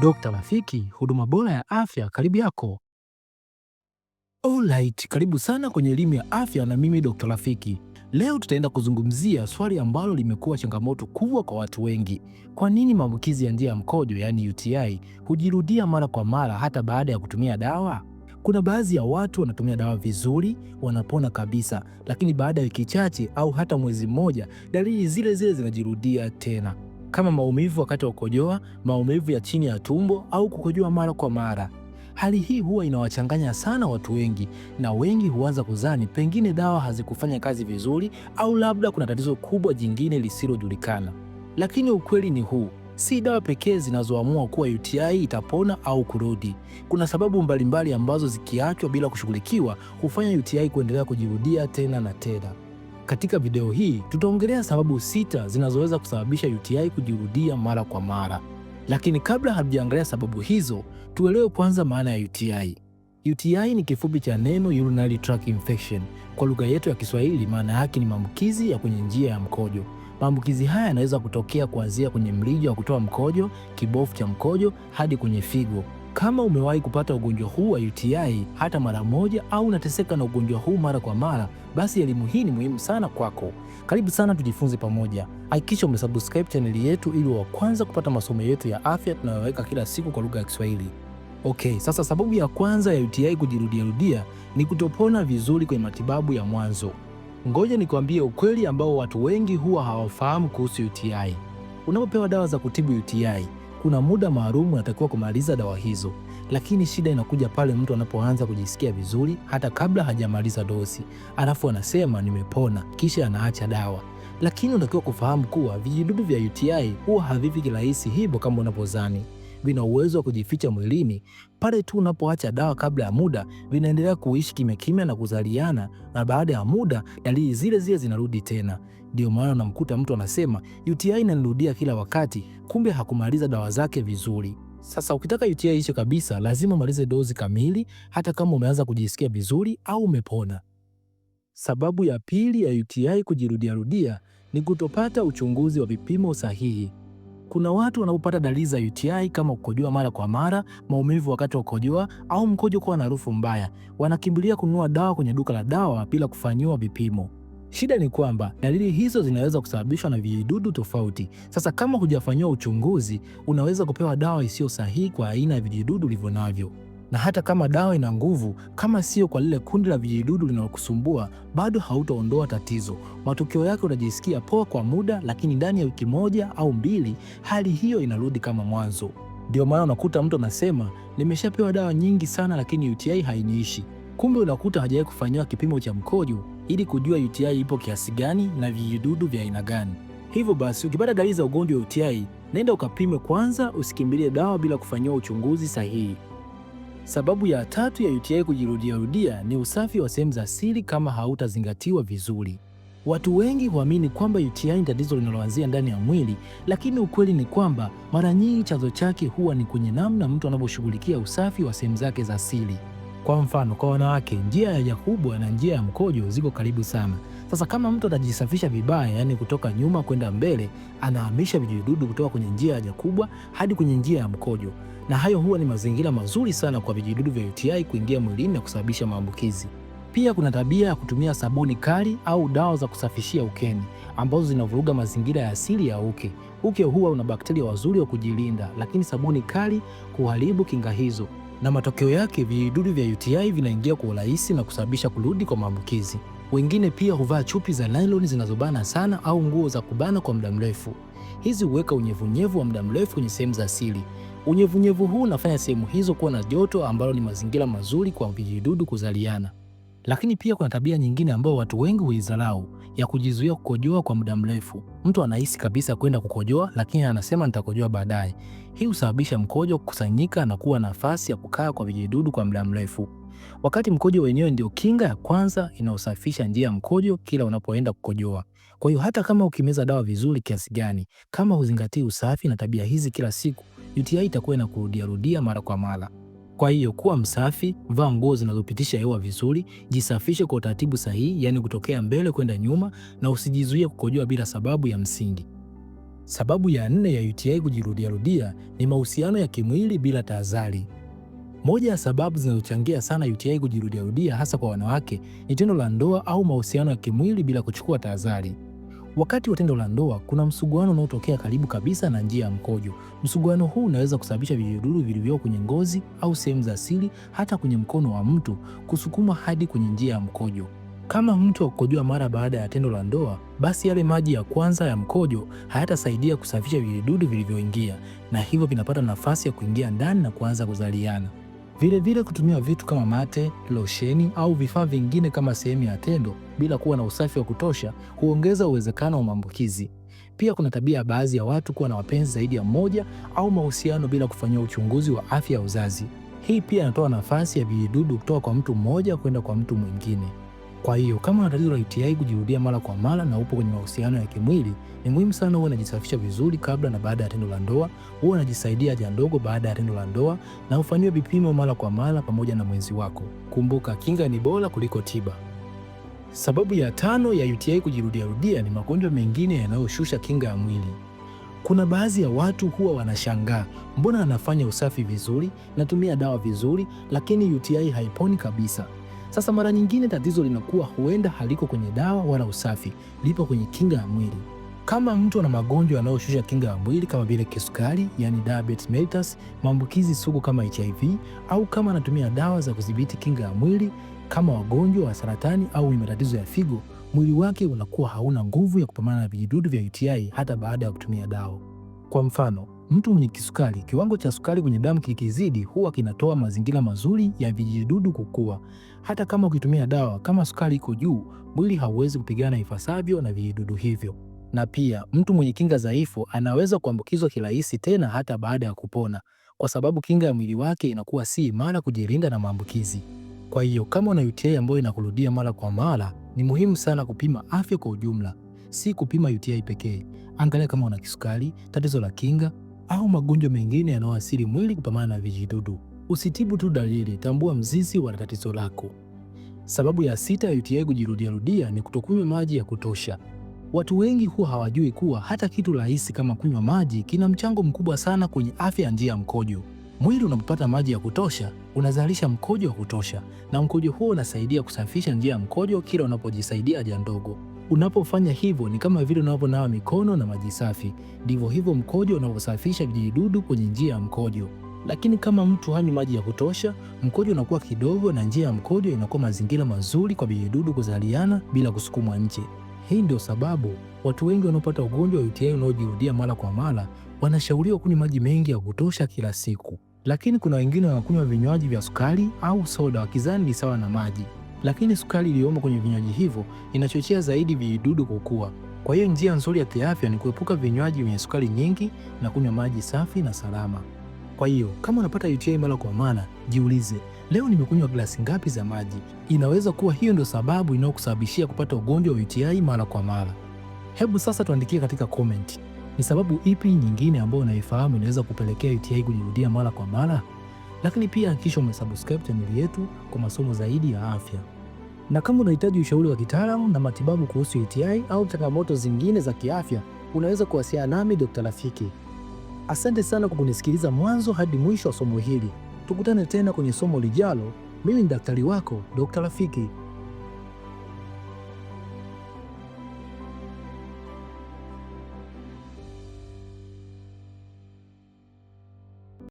Dokta Rafiki, huduma bora ya afya karibu yako. Alright, karibu sana kwenye elimu ya afya na mimi Dokta Rafiki. Leo tutaenda kuzungumzia swali ambalo limekuwa changamoto kubwa kwa watu wengi. Kwa nini maambukizi ya njia ya mkojo yaani UTI hujirudia mara kwa mara hata baada ya kutumia dawa? Kuna baadhi ya watu wanatumia dawa vizuri, wanapona kabisa, lakini baada ya wiki chache au hata mwezi mmoja dalili zile zile zinajirudia tena kama maumivu wakati wa kukojoa, maumivu ya chini ya tumbo au kukojoa mara kwa mara. Hali hii huwa inawachanganya sana watu wengi, na wengi huanza kuzani pengine dawa hazikufanya kazi vizuri au labda kuna tatizo kubwa jingine lisilojulikana. Lakini ukweli ni huu: si dawa pekee zinazoamua kuwa UTI itapona au kurudi. Kuna sababu mbalimbali ambazo zikiachwa bila kushughulikiwa hufanya UTI kuendelea kujirudia tena na tena. Katika video hii tutaongelea sababu sita zinazoweza kusababisha UTI kujirudia mara kwa mara. Lakini kabla hatujaangalia sababu hizo, tuelewe kwanza maana ya UTI. UTI ni kifupi cha neno urinary tract infection. Kwa lugha yetu ya Kiswahili, maana yake ni maambukizi ya kwenye njia ya mkojo. Maambukizi haya yanaweza kutokea kuanzia kwenye mrija wa kutoa mkojo, kibofu cha mkojo hadi kwenye figo. Kama umewahi kupata ugonjwa huu wa UTI hata mara moja au unateseka na ugonjwa huu mara kwa mara, basi elimu hii ni muhimu sana kwako. Karibu sana tujifunze pamoja. Hakikisha umesubscribe chaneli yetu ili wa kwanza kupata masomo yetu ya afya tunayoweka kila siku kwa lugha ya Kiswahili. Okay, sasa sababu ya kwanza ya UTI kujirudiarudia ni kutopona vizuri kwenye matibabu ya mwanzo. Ngoja nikwambie ukweli ambao watu wengi huwa hawafahamu kuhusu UTI. Unapopewa dawa za kutibu UTI kuna muda maalum unatakiwa kumaliza dawa hizo, lakini shida inakuja pale mtu anapoanza kujisikia vizuri hata kabla hajamaliza dosi alafu anasema nimepona, kisha anaacha dawa. Lakini unatakiwa kufahamu kuwa vijidudu vya UTI huwa havivi kirahisi hivyo kama unavyozani vina uwezo wa kujificha mwilini. Pale tu unapoacha dawa kabla ya muda, vinaendelea kuishi kimya kimya na kuzaliana, na baada ya muda dalili zile zile zinarudi tena. Ndio maana unamkuta mtu anasema UTI inanirudia kila wakati, kumbe hakumaliza dawa zake vizuri. Sasa ukitaka UTI iishe kabisa, lazima umalize dozi kamili, hata kama umeanza kujisikia vizuri au umepona. Sababu ya pili ya UTI kujirudiarudia ni kutopata uchunguzi wa vipimo sahihi. Kuna watu wanaopata dalili za UTI kama kukojoa mara kwa mara, maumivu wakati wa kukojoa au mkojo kuwa na harufu mbaya, wanakimbilia kununua dawa kwenye duka la dawa bila kufanyiwa vipimo. Shida ni kwamba dalili hizo zinaweza kusababishwa na vijidudu tofauti. Sasa kama hujafanyiwa uchunguzi, unaweza kupewa dawa isiyo sahihi kwa aina ya vijidudu ulivyo navyo na hata kama dawa ina nguvu, kama sio kwa lile kundi la vijidudu linalokusumbua, bado hautaondoa tatizo. Matokeo yake utajisikia poa kwa muda, lakini ndani ya wiki moja au mbili, hali hiyo inarudi kama mwanzo. Ndio maana unakuta mtu anasema nimeshapewa dawa nyingi sana, lakini UTI hainiishi. Kumbe unakuta hajawahi kufanyiwa kipimo cha mkojo ili kujua UTI ipo kiasi gani na vijidudu vya aina gani. Hivyo basi, ukipata dalili za ugonjwa wa UTI, nenda ukapimwe kwanza, usikimbilie dawa bila kufanyiwa uchunguzi sahihi. Sababu ya tatu ya UTI kujirudiarudia ni usafi wa sehemu za siri kama hautazingatiwa vizuri. Watu wengi huamini kwamba UTI ni tatizo linaloanzia ndani ya mwili, lakini ukweli ni kwamba mara nyingi chanzo chake huwa ni kwenye namna mtu anavyoshughulikia usafi wa sehemu zake za siri. Kwa mfano, kwa wanawake, njia ya haja kubwa na njia ya mkojo ziko karibu sana, sasa kama mtu anajisafisha vibaya, yani kutoka nyuma kwenda mbele, anahamisha vijidudu kutoka kwenye njia haja kubwa hadi kwenye njia ya mkojo, na hayo huwa ni mazingira mazuri sana kwa vijidudu vya UTI kuingia mwilini na kusababisha maambukizi. Pia kuna tabia ya kutumia sabuni kali au dawa za kusafishia ukeni ambazo zinavuruga mazingira ya asili ya uke. Uke huwa una bakteria wazuri wa kujilinda, lakini sabuni kali kuharibu kinga hizo, na matokeo yake vijidudu vya UTI vinaingia kwa urahisi na kusababisha kurudi kwa maambukizi. Wengine pia huvaa chupi za nylon zinazobana sana au nguo za kubana kwa muda mrefu. Hizi huweka unyevunyevu wa muda mrefu kwenye sehemu za asili. Unyevunyevu huu unafanya sehemu hizo kuwa na joto ambalo ni mazingira mazuri kwa vijidudu kuzaliana. Lakini pia kuna tabia nyingine ambayo watu wengi huidharau, ya kujizuia kukojoa kwa muda mrefu. Mtu anahisi kabisa kwenda kukojoa, lakini anasema nitakojoa baadaye. Hii husababisha mkojo kukusanyika na kuwa nafasi ya kukaa kwa vijidudu kwa muda mrefu, wakati mkojo wenyewe ndio kinga ya kwanza inayosafisha njia ya mkojo kila unapoenda kukojoa. Kwa hiyo hata kama ukimeza dawa vizuri kiasi gani, kama huzingatii usafi na tabia hizi kila siku, UTI itakuwa na kurudia rudia mara kwa mara. Kwa hiyo kuwa msafi, vaa nguo zinazopitisha hewa vizuri, jisafishe kwa utaratibu sahihi, yaani kutokea mbele kwenda nyuma, na usijizuie kukojoa bila sababu ya msingi. Sababu ya nne ya UTI kujirudiarudia ni mahusiano ya kimwili bila tahadhari. Moja ya sababu zinazochangia sana UTI kujirudiarudia hasa kwa wanawake ni tendo la ndoa au mahusiano ya kimwili bila kuchukua tahadhari. Wakati wa tendo la ndoa kuna msuguano unaotokea karibu kabisa na njia ya mkojo. Msuguano huu unaweza kusababisha vijidudu vilivyo kwenye ngozi au sehemu za siri, hata kwenye mkono wa mtu, kusukuma hadi kwenye njia ya mkojo. Kama mtu akukojoa mara baada ya tendo la ndoa, basi yale maji ya kwanza ya mkojo hayatasaidia kusafisha vijidudu vilivyoingia, na hivyo vinapata nafasi ya kuingia ndani na kuanza kuzaliana. Vilevile, kutumia vitu kama mate, losheni au vifaa vingine kama sehemu ya tendo bila kuwa na usafi wa kutosha huongeza uwezekano wa maambukizi. Pia kuna tabia ya baadhi ya watu kuwa na wapenzi zaidi ya mmoja au mahusiano bila kufanyia uchunguzi wa afya ya uzazi. Hii pia inatoa nafasi ya vijidudu kutoka kwa mtu mmoja kwenda kwa mtu mwingine. Kwa hiyo kama una tatizo la UTI kujirudia mara kwa mara na upo kwenye mahusiano ya kimwili, ni muhimu sana uwe unajisafisha vizuri kabla na baada ya tendo la ndoa, uwe unajisaidia haja ndogo baada ya tendo la ndoa na ufanyiwe vipimo mara kwa mara pamoja na mwenzi wako. Kumbuka, kinga ni bora kuliko tiba. Sababu ya tano ya UTI kujirudiarudia ni magonjwa mengine yanayoshusha kinga ya mwili. Kuna baadhi ya watu huwa wanashangaa, mbona anafanya usafi vizuri, natumia dawa vizuri, lakini UTI haiponi kabisa. Sasa mara nyingine tatizo linakuwa huenda haliko kwenye dawa wala usafi, lipo kwenye kinga ya mwili. Kama mtu ana magonjwa yanayoshusha kinga ya mwili kama vile kisukari, yani diabetes mellitus, maambukizi sugu kama HIV, au kama anatumia dawa za kudhibiti kinga ya mwili kama wagonjwa wa saratani au wenye matatizo ya figo, mwili wake unakuwa hauna nguvu ya kupambana na vijidudu vya UTI hata baada ya kutumia dawa. Kwa mfano Mtu mwenye kisukari, kiwango cha sukari kwenye damu kikizidi, huwa kinatoa mazingira mazuri ya vijidudu kukua. Hata kama ukitumia dawa, kama sukari iko juu, mwili hauwezi kupigana ifasavyo na vijidudu hivyo. Na pia mtu mwenye kinga dhaifu anaweza kuambukizwa kirahisi tena hata baada ya kupona, kwa sababu kinga ya mwili wake inakuwa si imara kujilinda na maambukizi. Kwa hiyo kama una UTI ambayo inakurudia mara kwa mara, ni muhimu sana kupima afya kwa ujumla, si kupima UTI pekee. Angalia kama una kisukari, tatizo la kinga au magonjwa mengine yanayoathiri mwili kupambana na vijidudu. Usitibu tu dalili, tambua mzizi wa tatizo lako. Sababu ya sita ya UTI kujirudiarudia ni kutokunywa maji ya kutosha. Watu wengi huwa hawajui kuwa hata kitu rahisi kama kunywa maji kina mchango mkubwa sana kwenye afya ya njia ya mkojo. Mwili unapopata maji ya kutosha unazalisha mkojo wa kutosha, na mkojo huo unasaidia kusafisha njia ya mkojo kila unapojisaidia haja ndogo. Unapofanya hivyo ni kama vile unavyonawa mikono na maji safi, ndivyo hivyo mkojo unavyosafisha vijidudu kwenye njia ya mkojo. Lakini kama mtu hanywi maji ya kutosha, mkojo unakuwa kidogo na njia ya mkojo inakuwa mazingira mazuri kwa vijidudu kuzaliana bila kusukumwa nje. Hii ndio sababu watu wengi wanaopata ugonjwa wa UTI unaojirudia mara kwa mara wanashauriwa kunywa maji mengi ya kutosha kila siku. Lakini kuna wengine wanakunywa vinywaji vya sukari au soda wakizani ni sawa na maji lakini sukari iliyomo kwenye vinywaji hivyo inachochea zaidi vidudu kukua. Kwa hiyo njia nzuri ya kiafya ni kuepuka vinywaji vyenye sukari nyingi na kunywa maji safi na salama. Kwa hiyo kama unapata UTI mara kwa mara, jiulize, leo nimekunywa glasi ngapi za maji? Inaweza kuwa hiyo ndio sababu inayokusababishia kupata ugonjwa wa UTI mara kwa mara. Hebu sasa tuandikie katika comment, ni sababu ipi nyingine ambayo unaifahamu inaweza kupelekea UTI kujirudia mara kwa mara? Lakini pia hakikisha umesubscribe chaneli yetu kwa masomo zaidi ya afya. Na kama unahitaji ushauri wa kitaalamu na matibabu kuhusu UTI au changamoto zingine za kiafya, unaweza kuwasiliana nami Dr. Rafiki. Asante sana kwa kunisikiliza mwanzo hadi mwisho wa somo hili. Tukutane tena kwenye somo lijalo. Mimi ni daktari wako Dr. Rafiki.